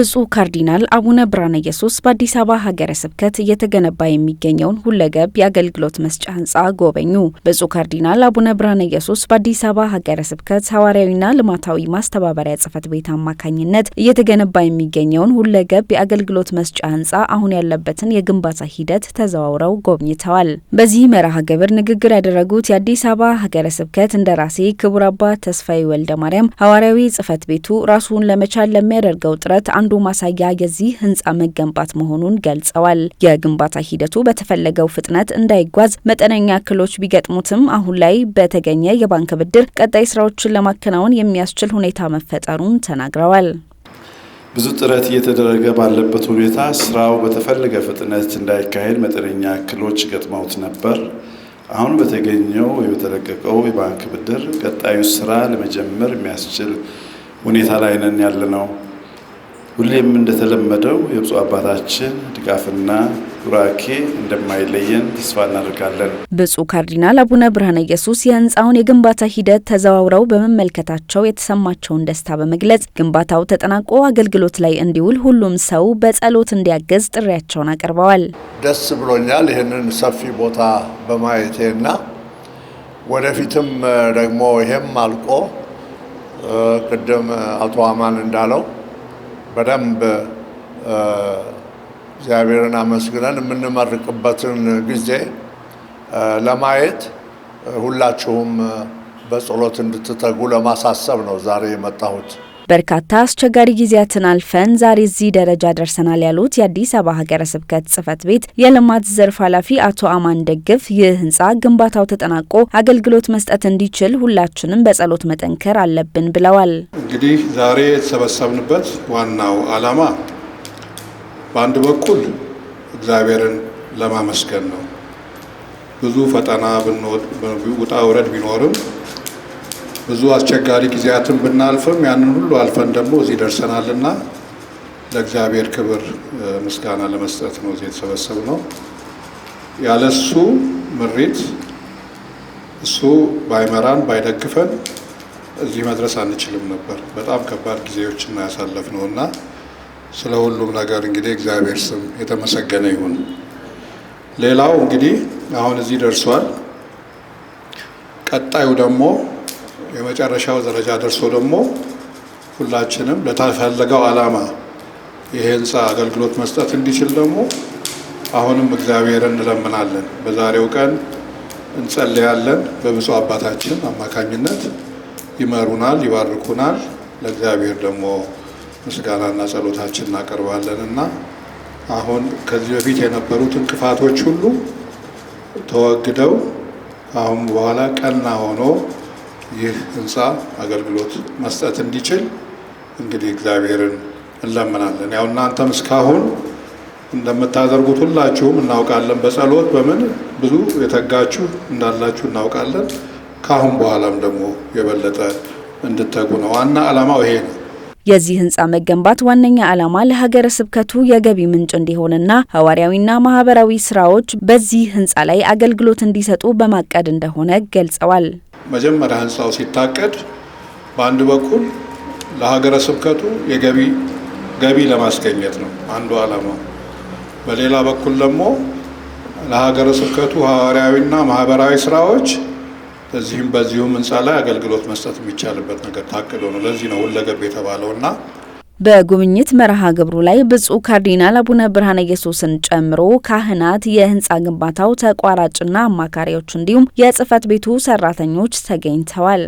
ብፁዕ ካርዲናል አቡነ ብርሃነ ኢየሱስ በአዲስ አበባ ሀገረ ስብከት እየተገነባ የሚገኘውን ሁለገብ የአገልግሎት መስጫ ህንፃ ጎበኙ። ብፁዕ ካርዲናል አቡነ ብርሃነ ኢየሱስ በአዲስ አበባ ሀገረ ስብከት ሐዋርያዊና ልማታዊ ማስተባበሪያ ጽህፈት ቤት አማካኝነት እየተገነባ የሚገኘውን ሁለገብ የአገልግሎት መስጫ ህንፃ አሁን ያለበትን የግንባታ ሂደት ተዘዋውረው ጎብኝተዋል። በዚህ መርሃ ግብር ንግግር ያደረጉት የአዲስ አበባ ሀገረ ስብከት እንደራሴ ክቡር አባ ተስፋዬ ወልደ ማርያም ሐዋርያዊ ጽህፈት ቤቱ ራሱን ለመቻል ለሚያደርገው ጥረት አንዱ ማሳያ የዚህ ህንፃ መገንባት መሆኑን ገልጸዋል። የግንባታ ሂደቱ በተፈለገው ፍጥነት እንዳይጓዝ መጠነኛ እክሎች ቢገጥሙትም አሁን ላይ በተገኘ የባንክ ብድር ቀጣይ ስራዎችን ለማከናወን የሚያስችል ሁኔታ መፈጠሩን ተናግረዋል። ብዙ ጥረት እየተደረገ ባለበት ሁኔታ ስራው በተፈለገ ፍጥነት እንዳይካሄድ መጠነኛ እክሎች ገጥመውት ነበር። አሁን በተገኘው የተለቀቀው የባንክ ብድር ቀጣዩ ስራ ለመጀመር የሚያስችል ሁኔታ ላይ ነን ያለ ነው። ሁሌም እንደተለመደው የብፁ አባታችን ድጋፍና ቡራኬ እንደማይለየን ተስፋ እናደርጋለን። ብፁ ካርዲናል አቡነ ብርሃነ ኢየሱስ የህንፃውን የግንባታ ሂደት ተዘዋውረው በመመልከታቸው የተሰማቸውን ደስታ በመግለጽ ግንባታው ተጠናቆ አገልግሎት ላይ እንዲውል ሁሉም ሰው በጸሎት እንዲያገዝ ጥሪያቸውን አቅርበዋል። ደስ ብሎኛል ይህንን ሰፊ ቦታ በማየቴ እና ወደፊትም ደግሞ ይሄም አልቆ ቅድም አቶ አማን እንዳለው በደንብ እግዚአብሔርን አመስግነን የምንመርቅበትን ጊዜ ለማየት ሁላችሁም በጸሎት እንድትተጉ ለማሳሰብ ነው ዛሬ የመጣሁት። በርካታ አስቸጋሪ ጊዜያትን አልፈን ዛሬ እዚህ ደረጃ ደርሰናል ያሉት የአዲስ አበባ ሀገረ ስብከት ጽህፈት ቤት የልማት ዘርፍ ኃላፊ አቶ አማን ደግፍ ይህ ህንጻ ግንባታው ተጠናቆ አገልግሎት መስጠት እንዲችል ሁላችንም በጸሎት መጠንከር አለብን ብለዋል። እንግዲህ ዛሬ የተሰበሰብንበት ዋናው ዓላማ በአንድ በኩል እግዚአብሔርን ለማመስገን ነው። ብዙ ፈተና ውጣ ውረድ ቢኖርም ብዙ አስቸጋሪ ጊዜያትን ብናልፍም ያንን ሁሉ አልፈን ደግሞ እዚህ ደርሰናልና ለእግዚአብሔር ክብር ምስጋና ለመስጠት ነው እዚህ የተሰበሰብ ነው። ያለ እሱ ምሪት እሱ ባይመራን ባይደግፈን እዚህ መድረስ አንችልም ነበር። በጣም ከባድ ጊዜዎችን ነው ያሳለፍነው እና ስለ ሁሉም ነገር እንግዲህ እግዚአብሔር ስም የተመሰገነ ይሁን። ሌላው እንግዲህ አሁን እዚህ ደርሷል። ቀጣዩ ደግሞ የመጨረሻው ደረጃ ደርሶ ደግሞ ሁላችንም ለተፈለገው ዓላማ የህንፃ ህንፃ አገልግሎት መስጠት እንዲችል ደግሞ አሁንም እግዚአብሔርን እንለምናለን። በዛሬው ቀን እንጸልያለን። በብፁዕ አባታችን አማካኝነት ይመሩናል፣ ይባርኩናል። ለእግዚአብሔር ደግሞ ምስጋናና ጸሎታችን እናቀርባለን እና አሁን ከዚህ በፊት የነበሩት እንቅፋቶች ሁሉ ተወግደው አሁን በኋላ ቀና ሆኖ ይህ ህንፃ አገልግሎት መስጠት እንዲችል እንግዲህ እግዚአብሔርን እንለምናለን። ያው እናንተም እስካሁን እንደምታደርጉት ሁላችሁም እናውቃለን። በጸሎት በምን ብዙ የተጋችሁ እንዳላችሁ እናውቃለን። ከአሁን በኋላም ደግሞ የበለጠ እንድተጉ ነው። ዋና ዓላማው ይሄ ነው። የዚህ ህንፃ መገንባት ዋነኛ ዓላማ ለሀገረ ስብከቱ የገቢ ምንጭ እንዲሆንና ሐዋርያዊና ማህበራዊ ስራዎች በዚህ ህንፃ ላይ አገልግሎት እንዲሰጡ በማቀድ እንደሆነ ገልጸዋል። መጀመሪያ ህንፃው ሲታቀድ በአንድ በኩል ለሀገረ ስብከቱ የገቢ ገቢ ለማስገኘት ነው አንዱ ዓላማው። በሌላ በኩል ደግሞ ለሀገረ ስብከቱ ሐዋርያዊና ማህበራዊ ስራዎች በዚህም በዚሁም ህንፃ ላይ አገልግሎት መስጠት የሚቻልበት ነገር ታቅዶ ነው። ለዚህ ነው ሁለገብ የተባለው እና በጉብኝት መርሃ ግብሩ ላይ ብፁዕ ካርዲናል አቡነ ብርሃነ ኢየሱስን ጨምሮ ካህናት፣ የህንፃ ግንባታው ተቋራጭና አማካሪዎች እንዲሁም የጽህፈት ቤቱ ሰራተኞች ተገኝተዋል።